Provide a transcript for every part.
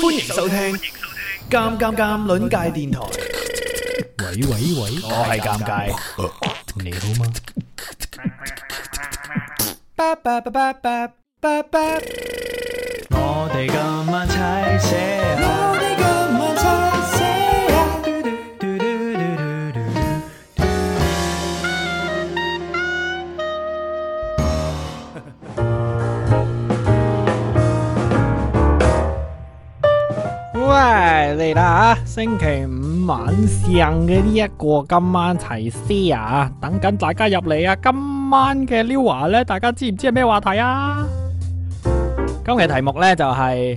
歡迎收聽《尷尷尷》輪界電台。喂喂喂，我係尷尬，你好嗎？我哋今晚踩寫。嚟啦，哎！星期五晚上嘅呢一個今晚齊 share 啊，等緊大家入嚟啊！今晚嘅溜話呢，大家知唔知係咩話題啊？今日嘅題目呢，就係、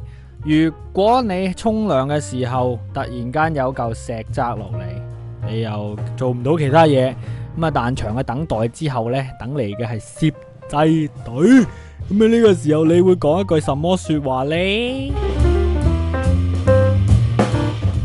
是：如果你沖涼嘅時候突然間有嚿石砸落嚟，你又做唔到其他嘢，咁啊漫長嘅等待之後呢，等嚟嘅係攝製隊，咁喺呢個時候你會講一句什麼說話呢？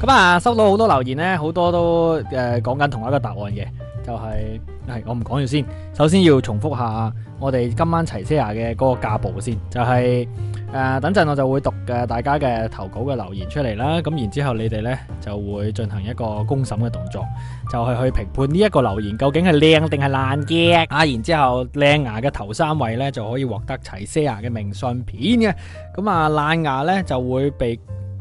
咁啊，收到好多留言呢，好多都誒講緊同一個答案嘅，就係係，我唔講住先。首先要重複下我哋今晚齊西亞嘅嗰個架步先，就係誒，等陣我就會讀誒大家嘅投稿嘅留言出嚟啦。咁然之後你哋呢就會進行一個公審嘅動作，就係去評判呢一個留言究竟係靚定係爛嘅啊。然之後靚牙嘅頭三位呢就可以獲得齊西亞嘅明信片嘅，咁啊爛牙呢就會被。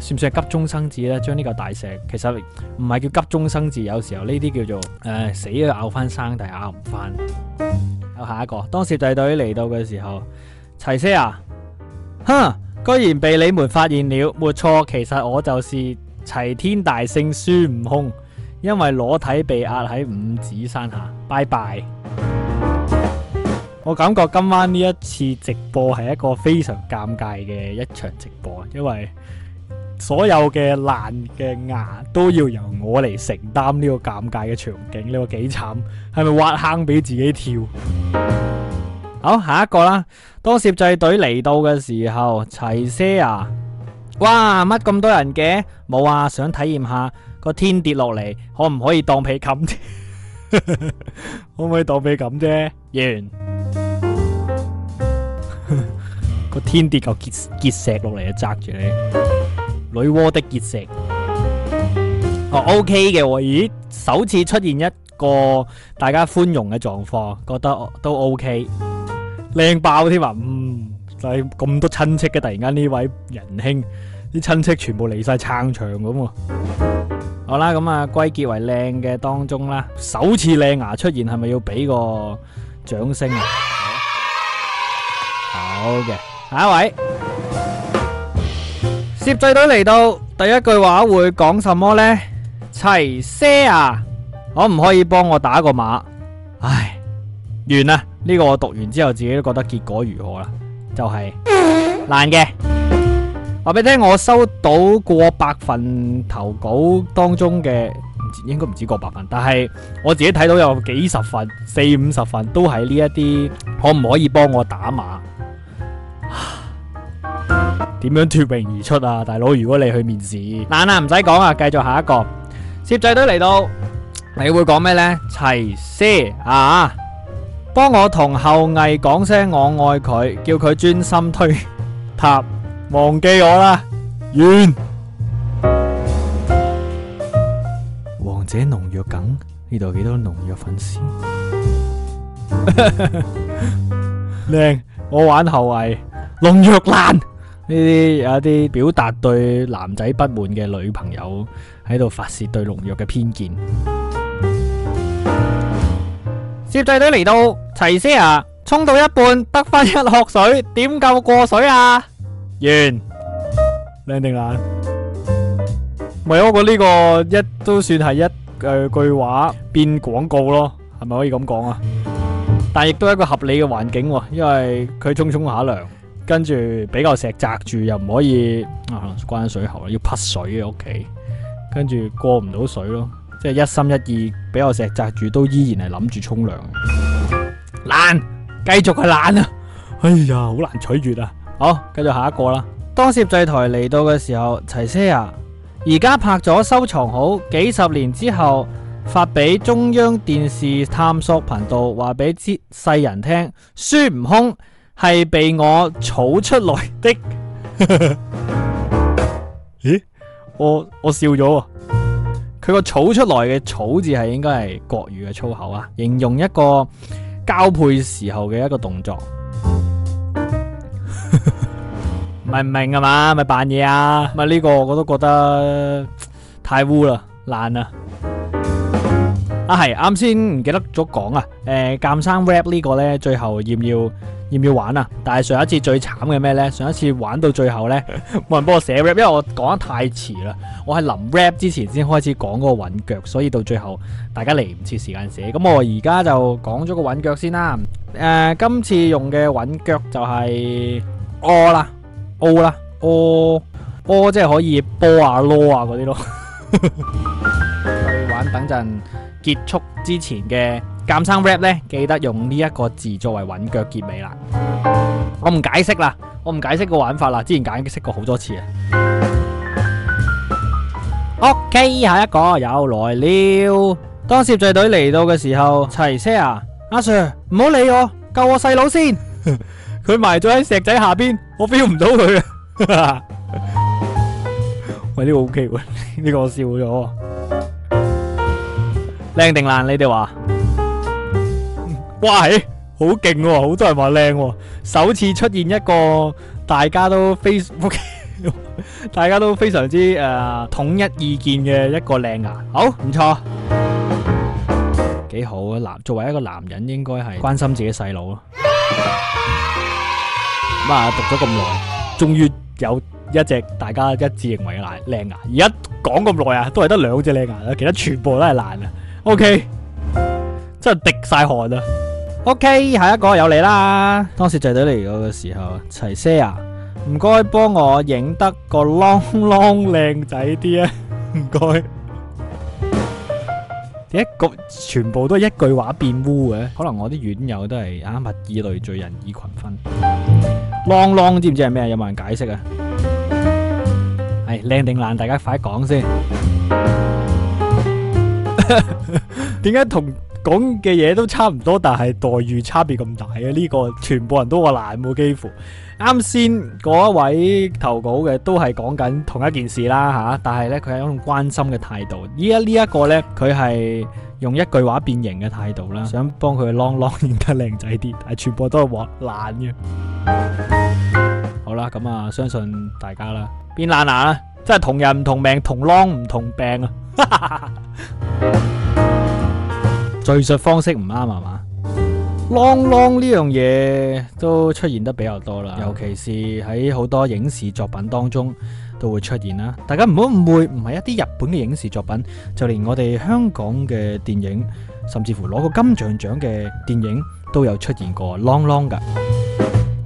算唔算係急中生智呢？將呢個大石其實唔係叫急中生智，有時候呢啲叫做誒、呃、死都拗翻生，但係拗唔翻。 有下一個，當攝製隊嚟到嘅時候，齊師啊，哼，居然被你們發現了，沒錯，其實我就是齊天大聖孫悟空，因為裸體被壓喺五指山下。拜拜。 我感覺今晚呢一次直播係一個非常尷尬嘅一場直播，因為。所有嘅爛嘅牙都要由我嚟承擔呢個尷尬嘅場景，呢個幾慘？係咪挖坑俾自己跳？好，下一個啦。當攝製隊嚟到嘅時候，齊些啊！哇，乜咁多人嘅？冇啊，想體驗下個天跌落嚟，可唔可以當被冚？ 可唔可以當被冚啫？完。個 天跌嚿結結石落嚟啊，砸住你！女媧的結石，oh, okay 的哦，OK 嘅喎，咦，首次出現一個大家寬容嘅狀況，覺得都 OK，靚爆添嘛，嗯，就係、是、咁多親戚嘅，突然間呢位仁兄，啲親戚全部嚟晒撐場咁喎，好啦，咁啊歸結為靚嘅當中啦，首次靚牙出現係咪要俾個掌聲啊？好嘅，下一位。攝製隊嚟到，第一句話會講什麼咧？齊些啊，可唔可以幫我打個碼？唉，完啦！呢個我讀完之後，自己都覺得結果如何啦？就係、是、爛嘅。話俾你聽，我收到過百份投稿當中嘅，唔知應該唔止過百份，但係我自己睇到有幾十份、四五十份都係呢一啲，可唔可以幫我打碼？點樣脫穎而出啊，大佬！如果你去面試，難啊，唔使講啊，繼續下一個。攝製隊嚟到，你會講咩呢？齊師啊，幫我同后羿講聲我愛佢，叫佢專心推塔，忘記我啦。完。王者農藥梗，呢度幾多農藥粉絲？靚，我玩后羿，農藥爛。呢啲有一啲表達對男仔不滿嘅女朋友喺度發洩對農藥嘅偏見。攝製隊嚟到，齊先啊！沖到一半得返一殼水，點夠過水啊？完，靚定爛？咪我覺呢個一都算係一句話變廣告咯，係咪可以咁講啊？但係亦都係一個合理嘅環境，因為佢沖沖下涼。跟住俾個石砸住，又唔可以啊關水喉，要劈水嘅屋企，跟住過唔到水咯。即係一心一意俾個石砸住，都依然係諗住沖涼。懶，繼續係懶啊！哎呀，好難取住啊！好，繼續下一個啦。當攝製台嚟到嘅時候，齊車啊，而家拍咗收藏好幾十年之後，發俾中央電視探索頻道，話俾知世人聽，孫悟空。係被我草出來的？ 咦？我我笑咗。佢個草出來嘅草字係應該係國語嘅粗口啊，形容一個交配時候嘅一個動作。唔 明啊嘛？咪扮嘢啊？咪呢、呢個我都覺得太污啦，爛啦。啊係，啱先唔記得咗講啊。誒、呃，鑒生 rap 這個呢個咧，最後要唔要？要唔要玩啊？但係上一次最慘嘅咩呢？上一次玩到最後呢，冇人幫我寫 rap，因為我講得太遲啦。我係臨 rap 之前先開始講嗰個韻腳，所以到最後大家嚟唔切時間寫。咁我而家就講咗個韻腳先啦。誒、呃，今次用嘅韻腳就係 O 啦，O 啦，O，O 即係可以波啊、low 啊嗰啲咯。 去玩等陣結束之前嘅。監生 rap 咧，記得用呢一個字作為穩腳結尾啦。我唔解釋啦，我唔解釋個玩法啦，之前解釋過好多次啊。OK，下一個又來了。當攝製隊嚟到嘅時候，齊車啊，阿 Sir，唔好理我，救我細佬先。佢埋咗喺石仔下面，我 feel 唔到佢啊。喂，呢個 OK 喎，呢個我笑咗。靚定爛，你哋話？哇！係好勁喎，好多人話靚喎，首次出現一個大家都非，大家都非常之誒統一意見嘅一個靚牙，好唔錯，幾好啊！男作為一個男人，應該係關心自己細佬咯。咁啊，讀咗咁耐，終於有一隻大家一致認為嘅牙靚牙。而家講咁耐啊，都係得兩隻靚牙啦，其他全部都係爛啦。O K，真係滴晒汗啊！O K，下一個又嚟啦。當時隊隊嚟嗰個時候，齊 Sir，唔該幫我影得個 long long 靚仔啲啊，唔該。一局全部都係一句話變污嘅，可能我啲院友都係啱物以類聚，人以群分。long long 知唔知係咩？有冇人解釋啊？係靚定爛，大家快講先。點解同？講嘅嘢都差唔多，但係待遇差別咁大嘅呢，這個，全部人都話懶冇，幾乎啱先嗰一位投稿嘅都係講緊同一件事啦吓，啊，但係呢，佢係一種關心嘅態度。依家呢一個咧，佢係用一句話變形嘅態度啦，想幫佢啷啷變得靚仔啲，但係全部都係話懶嘅。 好啦，咁啊，相信大家啦，變懶懶啦，真係同人唔同命，同啷唔同病啊！ 敘述方式唔啱係嘛？啷啷呢樣嘢都出現得比較多啦，尤其是喺好多影視作品當中都會出現啦。大家唔好誤會，唔係一啲日本嘅影視作品，就連我哋香港嘅電影，甚至乎攞過金像獎嘅電影都有出現過啷啷㗎。啷啷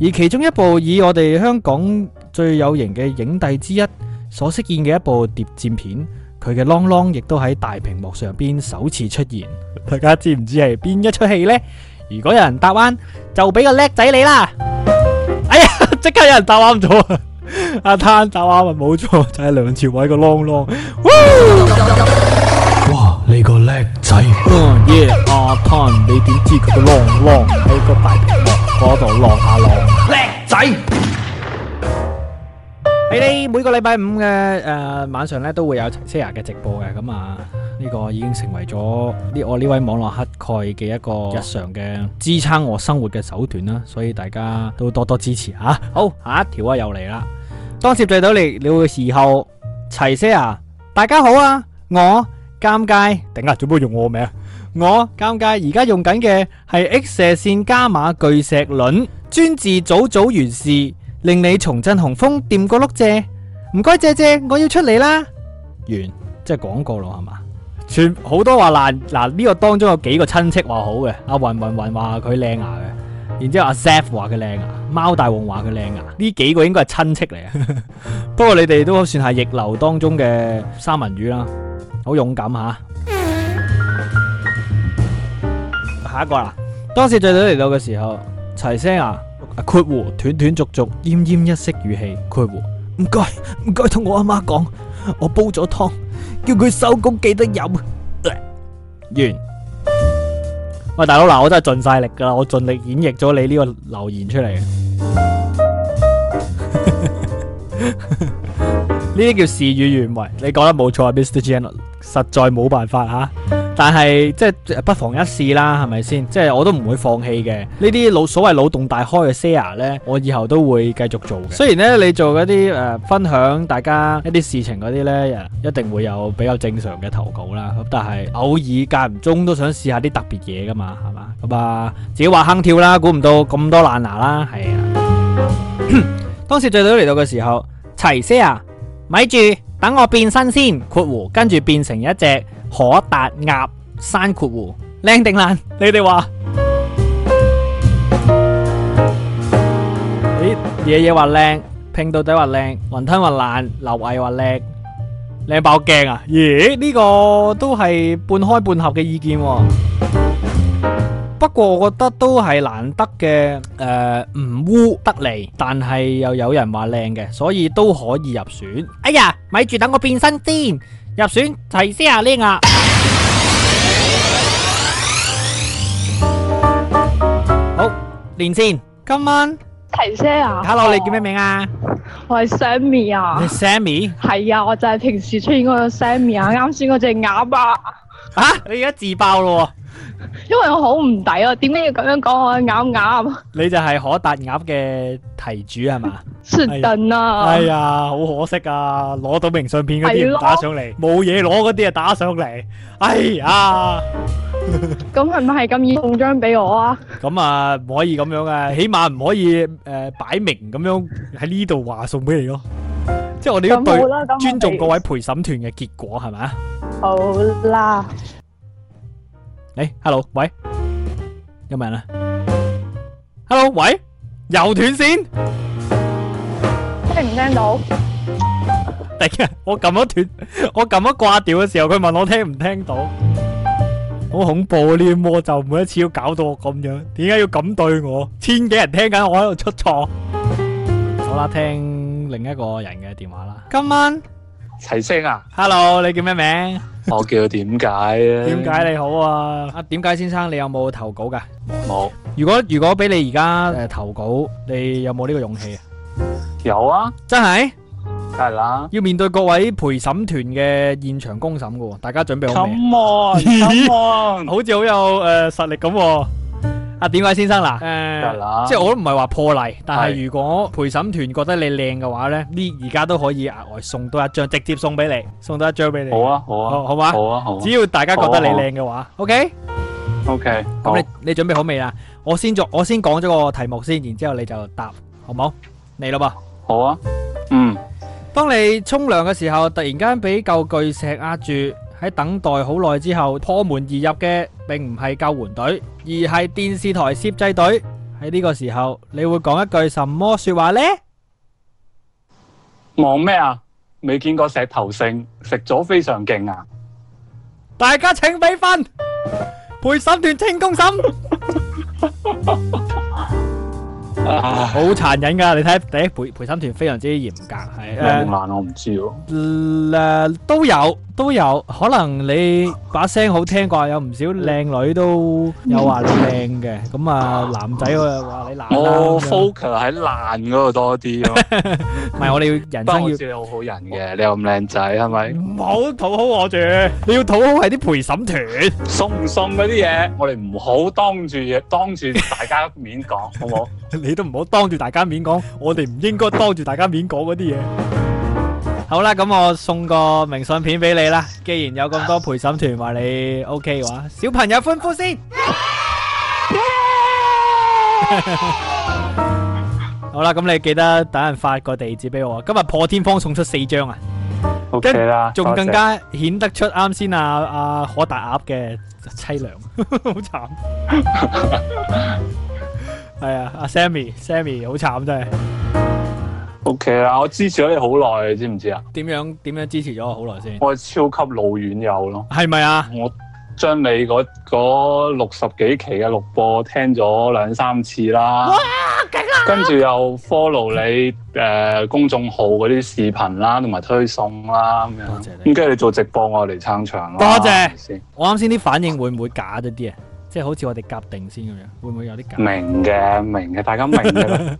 而其中一部以我哋香港最有型嘅影帝之一所飾演嘅一部諜戰片。佢嘅啷啷亦都喺大屏幕上邊首次出現，大家知唔知係邊一出戲呢？如果有人答啱，就俾個叻仔你啦！哎呀，即刻有人答啱咗！阿灘答啱咪冇錯，就係梁朝偉個啷啷。哇，你個叻仔！阿灘，你點知佢個啷啷喺個大屏幕嗰度落下浪？叻仔！你哋每個禮拜五嘅誒、呃、晚上咧，都會有齊 Sir 嘅直播嘅，咁啊呢、呢個已經成為咗呢我呢位網絡乞丐嘅一個日常嘅支撐我生活嘅手段啦，所以大家都多多支持吓。好，下一條啊又嚟啦，當接觸到你你會時候，齊 Sir，大家好啊，我尷尬頂啊，做咩用我名？我尷尬，而家用緊嘅係 X 射線加碼巨石輪，專治早早完事。令你重振雄風，掂個碌蔗，唔該借借，我要出嚟啦。完，即係廣告啦，係嘛？全好多話爛嗱，呢個當中有幾個親戚話好嘅，阿云云云話佢靚牙嘅，然之後阿 Zef 話佢靚牙，貓大王話佢靚牙，呢幾個應該係親戚嚟，不過你哋都算係逆流當中嘅三文魚啦，好勇敢吓，啊。下一個啦，當時最早嚟到嘅時候齊聲啊！齊括弧斷斷續續奄奄一息語氣，括弧唔該唔該同我阿媽講，我煲咗湯，叫佢收工記得飲完。喂大佬嗱，我真係盡晒力噶啦，我盡力演繹咗你呢個留言出嚟。呢啲叫事與願違，你講得冇錯啊，Mr. Janet，實在冇辦法啊。但係即係不妨一試啦，係咪先？即係我都唔會放棄嘅。呢啲腦所謂腦洞大開嘅 share 咧，我以後都會繼續做。雖然咧你做嗰啲，呃、分享，大家一啲事情嗰啲咧，一定會有比較正常嘅投稿啦。咁但係偶爾間唔中都想試一下啲特別嘢噶嘛，係嘛？咁啊，自己挖坑跳啦，估唔到咁多爛牙啦，係啊！ 當時最友嚟到嘅時候，齊 share 咪住。等我變身先，括弧，跟住變成一隻可達鴨山括弧，靚定爛，你哋話？誒、欸，嘢嘢話靚，拼到底話靚，雲吞話爛，劉毅話靚，靚爆鏡啊！咦、欸，呢、這個都係半開半合嘅意見、哦。不過我覺得都係難得嘅，誒、呃、唔污得嚟，但係又有人話靚嘅，所以都可以入選。哎呀，咪住等我變身先，入選提姐啊，呢牙好連線。今晚提姐啊，Hello，你叫咩名啊？我係 Sammy 啊。你 Sammy 係啊，我就係平時出現嗰個 Sammy 啊，啱先嗰隻鴨啊。吓、啊？你而家自爆咯？因為我好唔抵啊，點解要咁樣講我咬鴨？你就係可達鴨嘅題主係嘛？雪頓啊，哎呀，好可惜啊，攞到明信片嗰啲打上嚟，冇嘢攞嗰啲啊打上嚟，哎呀，咁係唔係咁易送張俾我啊？咁啊，唔可以咁樣嘅，起碼唔可以誒擺明咁樣喺呢度話送俾你咯，即係我哋都尊重各位陪審團嘅結果係嘛？好啦。誒，Hello，喂，有冇人啊？Hello，喂，又斷線，聽唔聽到？突然，我撳咗斷，我撳咗掛掉嘅時候，佢問我聽唔聽到？好恐怖啊！呢啲魔咒每一次都搞到我咁樣，點解要咁對我？千幾人聽緊，我喺度出錯。好啦，聽另一個人嘅電話啦。今晚齊聲啊！Hello，你叫咩名？我叫點解咧。點解你好啊！啊，點解先生，你有冇投稿噶？冇。如果如果俾你而家，誒，投稿，你有冇呢個勇氣？有啊，真係，梗係啦。要面對各位陪審團嘅現場公審嘅喎，大家準備好未？審判，審判，好似好有誒，實力咁。阿點解先生嗱，即係我都唔係話破例，但係如果陪審團覺得你靚嘅話咧，呢而家都可以額外送多一張，直接送俾你，送多一張俾你。好啊，好啊，好嘛，好啊，好。只要大家覺得你靚嘅話，OK，OK。咁你你準備好未啊？我先做，我先講咗個題目先，然之後你就答，好冇？嚟啦噃。好啊。嗯。當你沖涼嘅時候，突然間俾嚿巨石壓住。喺等待好耐之後破門而入嘅並唔係救援隊，而係電視台攝製隊。喺呢個時候，你會講一句什麼說話呢？望咩啊？未見過石頭性食咗非常勁啊！大家請畀分，陪審團請公審。 好殘忍噶，你睇第一陪陪審團非常之嚴格。靚男我唔知咯。誒，都有都有，可能你把聲好聽啩，有唔少靚女都有話你靚嘅。咁啊，男仔我又話你男。我 focus 喺男嗰度多啲咯。唔係，我哋要人生要你好好人嘅，你又咁靚仔係咪？唔好討好我住，你要討好係啲陪審團送唔送嗰啲嘢？我哋唔好當住當住大家面講，好唔好？你都唔好當住大家面講，我哋唔應該當住大家面講嗰啲嘢。好啦，咁我送個明信片俾你啦。既然有咁多陪審團話你 OK 嘅話，小朋友歡呼先。好啦，咁你記得等陣發個地址俾我。今日破天荒送出四張啊，跟住仲更加顯得出啱先啊，阿可大鴨嘅凄涼，好慘。係啊，阿 Sam Sammy，Sammy 好慘，真係。O K 啦，我支持咗你好耐，你知唔知啊？點樣點樣支持咗我好耐先？我係超級老遠友咯。係咪啊？我將你嗰六十幾期嘅錄播聽咗兩三次啦。哇，勁啦！跟住又 follow 你誒、呃、公眾號嗰啲視頻啦，同埋推送啦咁樣。多謝、謝你。跟住你做直播我，我嚟撐場。多謝。我啱先啲反應會唔會假咗啲啊？即係好似我哋夾定先咁樣，會唔會有啲夾？明嘅，明嘅，大家明嘅啦。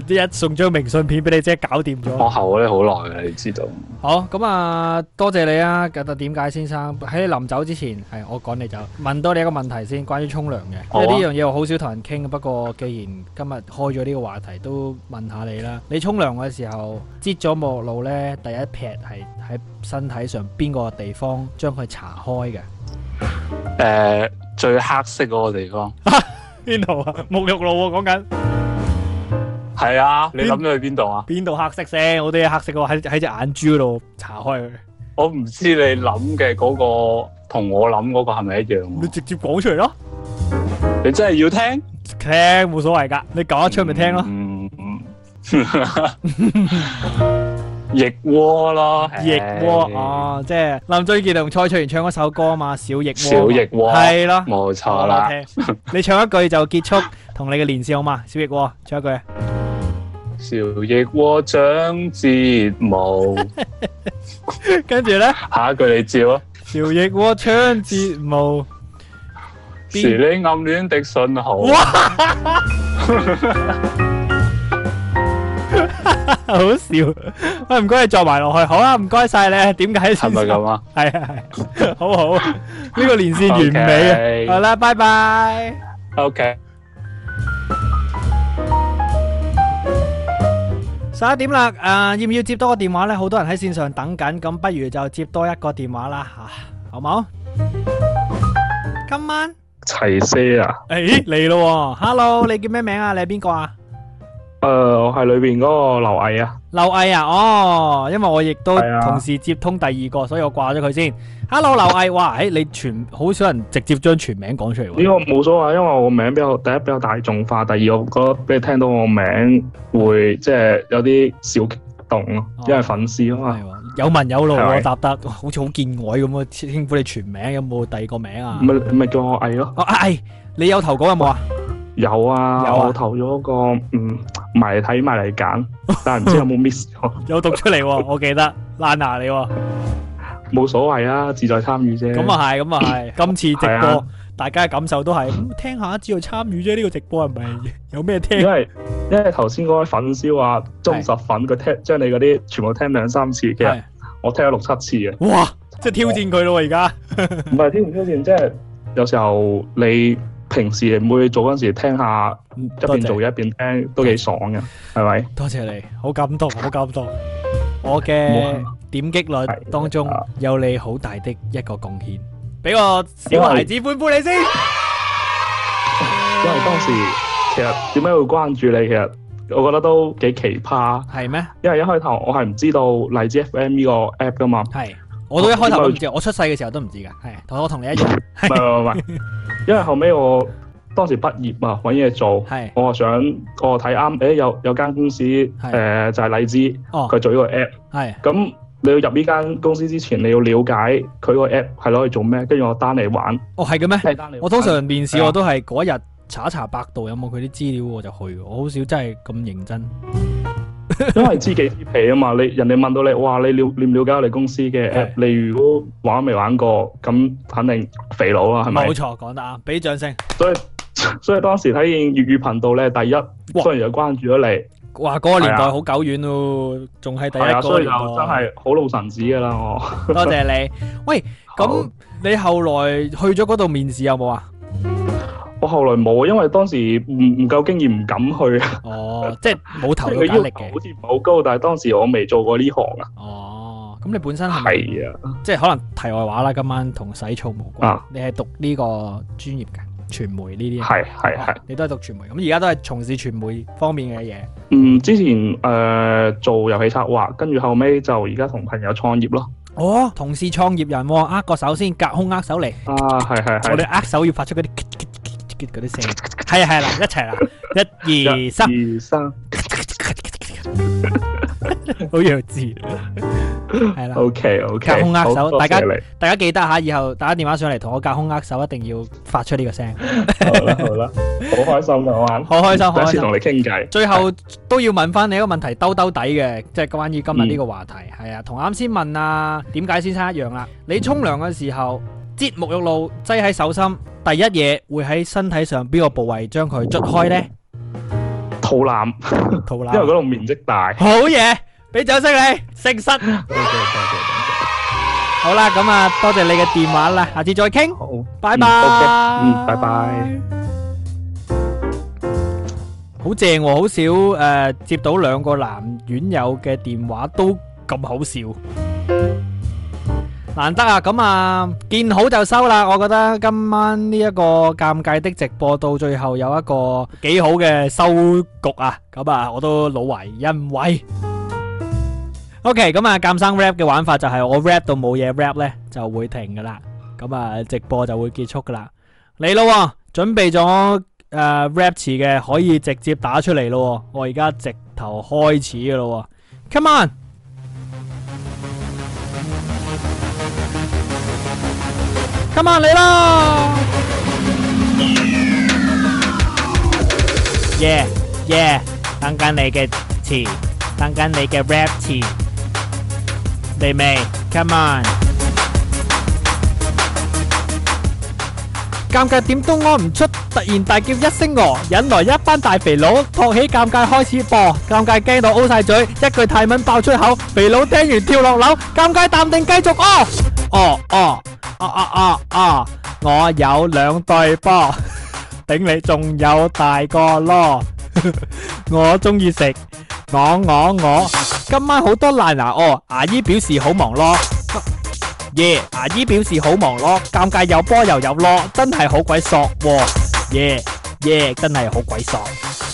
誒，啲一送一張明信片俾你，即係搞掂咗。放後嗰好耐啦，你知道。好咁啊，多謝你啊！但點解先生喺你臨走之前係我趕你走？問多你一個問題先，關於沖涼嘅，好啊、因為呢樣嘢我好少同人傾。不過既然今日開咗呢個話題，都問下你啦。你沖涼嘅時候，擠咗沐浴露咧，第一撇係喺身體上邊個地方將佢搽開嘅？誒、呃，最黑色嗰個地方，邊度啊？沐浴、啊、露喎、啊，講緊係啊！你諗咗去邊度啊？邊度黑色先？我啲係黑色喺喺隻眼珠嗰度搽開佢。我唔知你諗嘅嗰個同我諗嗰個係咪一樣、啊。你直接講出嚟咯！你真係要聽？聽冇所謂噶，你講得出咪聽咯、嗯。嗯。嗯 腋窩咯，腋窩哦、啊，即係林俊傑同蔡卓妍唱嗰首歌嘛，小腋窩，小腋窩係咯，冇錯啦。你唱一句就結束的，同你嘅連線好嘛？小腋窩，唱一句。小腋窩長睫毛，跟住咧，下一句你照啊。小腋窩長睫毛，是你暗戀的信號。好笑，喂，唔該你坐埋落去，好啊，唔該晒你，點解？係咪咁啊？係啊，係，好好，呢個連線完美啊，係啦，拜拜，OK。十一點啦，誒，要唔要接多個電話咧？好多人喺線上等緊，咁不如就接多一個電話啦吓，好唔好？今晚齊四啊！誒，嚟咯，Hello，你叫咩名啊？你係邊個啊？誒、呃，我係裏邊嗰個劉毅啊，劉毅啊，哦，因為我亦都同時接通第二個，啊、所以我掛咗佢先。Hello，劉毅，哇，誒、欸，你全好少人直接將全名講出嚟喎。呢個冇所謂，因為我名比較第一比較大眾化，第二我覺得俾你聽到我名會即係有啲小激動咯，啊、因為粉絲啊嘛。有問有路啊，答得好似好見外咁啊，稱呼你全名，有冇第二個名啊？咪咪叫我毅咯、啊。哦、啊，毅、哎，你有投稿有冇啊？有啊，有啊我投咗個嗯。埋睇埋嚟揀，但係唔知有冇 miss 咗？ 有讀出嚟， 我記得，爛牙 你冇所謂啊，自在參與啫。咁啊係，咁啊係。今次直播 大家嘅感受都係、嗯、聽下，只要參與啫。呢、呢個直播係咪有咩聽因？因為因為頭先嗰位粉燒話，忠實粉佢聽將你嗰啲全部聽兩三次嘅，我聽咗六七次嘅。哇！即係挑戰佢咯、啊，而家唔係挑唔挑戰，即、就、係、是、有時候你。平時唔會做嗰時聽下，一邊做一邊聽都幾爽嘅，係咪？多謝你，好感動，好感動。我嘅點擊率當中有你好大的一個貢獻，畀個小孩子歡呼你先。因為當時其實點解會關注你？其實我覺得都幾奇葩。係咩嗎？因為一開頭我係唔知道荔枝 FM 呢個 app 噶嘛。係。我都一開頭唔知，為我出世嘅時候都唔知噶，係我同你一樣。唔係 因為後尾我當時畢業嘛，搵嘢做，係是我想我睇啱，誒、欸、有有間公司，誒是、呃、就係、是、荔枝，佢、哦、做呢個 app，係咁是你要入呢間公司之前，你要了解佢個 app 係攞去做咩，跟住我 down 嚟玩。哦，係嘅咩？是我通常面試我都係嗰日查一查百度，有冇佢啲資料，我就去，我好少真係咁認真。 因為知己知彼啊嘛，你人哋問到你，哇，你了了唔了解你公司嘅 app？對你如果玩未玩過，咁肯定肥佬啦，係咪錯？冇錯，講得啱，俾掌聲。所以所以當時睇見粵語頻道咧，第一，雖然又關注咗你哇，哇，嗰、那個年代好久遠咯，仲係、啊、第一個。雖然、啊、真係好老神子噶啦，我多謝你。 喂，咁你後來去咗嗰度面試有冇啊？我後來冇，因為當時唔唔夠經驗，唔敢去啊。哦， 即係冇投嘅壓力嘅好似唔係好高，但係當時我未做過呢行啊。哦，咁你本身係啊，係啊即係可能題外話啦。今晚同洗澡冇關。啊，你係讀呢個專業嘅傳媒呢啲啊？係係係。你都係讀傳媒，咁而家都係從事傳媒方面嘅嘢。嗯，之前誒、呃、做遊戲策劃，跟住後尾就而家同朋友創業咯。哦，同事創業人、哦、握個手先，隔空握手嚟。啊，係係係。我哋握手要發出嗰啲。嗰啲聲，係啊係啦，一齊啦，一二三，好弱智，係啦，OK OK，隔空握手，大家大家記得嚇，以後打電話上嚟同我隔空握手，一定要發出呢個聲。好啦好啦，好開心啊，好啊，好開心，好開同你傾偈，最後都要問翻你一個問題，兜兜底嘅，即係關於今日呢個話題，係啊，同啱先問啊點解先生一樣啦，你沖涼嘅時候。唧沐浴露擠喺手心，第一嘢會喺身體上邊個部位將佢捽開咧？肚腩，肚腩，因為嗰度面積大。好嘢，俾掌聲你，誠實。多謝，多謝。好啦，咁啊，多謝你嘅電話啦，下次再傾。好，拜拜。嗯，拜拜。好正，好少誒，接到兩個男院友嘅電話都咁好笑。難得啊，咁啊見好就收啦，我覺得今晚呢個尷尬的直播到最後有一個幾好嘅收局啊，咁啊我都老懷欣慰。OK，咁啊鑒生 rap 嘅玩法就係我 rap 到冇嘢 rap 呢就會停噶啦，咁啊直播就會結束噶啦。嚟咯，準備咗誒 rap 詞嘅可以直接打出嚟咯，我而家直頭開始噶咯，come on！come on 嚟啦，yeah yeah，等緊你嘅詞，等緊你嘅 rap 詞，得未？come on，尷尬點都屙唔出，突然大叫一聲哦，引來一班大肥佬托起尷尬開始播，尷尬驚到 O 晒嘴，一句泰文爆出口，肥佬聽完跳落樓，尷尬淡定繼續屙。哦哦啊啊啊啊！Oh, oh, oh, oh, oh, oh, oh. 我有兩對波，頂你仲有大個咯！ 我中意食，我我我、oh, oh. 今晚好多爛牙哦，牙、oh, 醫表示好忙咯。耶，牙醫表示好忙咯，尷尬 有波又有咯，真係好鬼索。耶 耶，真係好鬼索。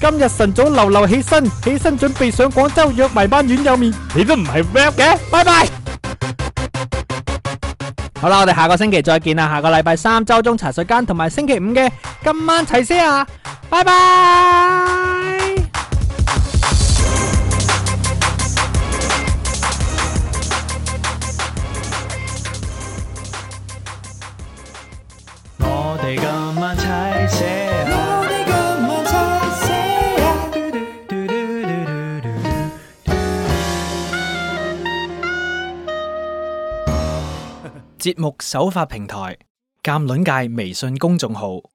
今日晨早流流起身，起身準備上廣州約埋班院友面。你都唔係 rap 嘅，拜拜。好啦，我哋下個星期再見啦，下個禮拜三周中茶水間同埋星期五嘅今晚齊先啊，拜拜。我哋今晚齊先。節目首發平台：鑒撚界微信公眾號。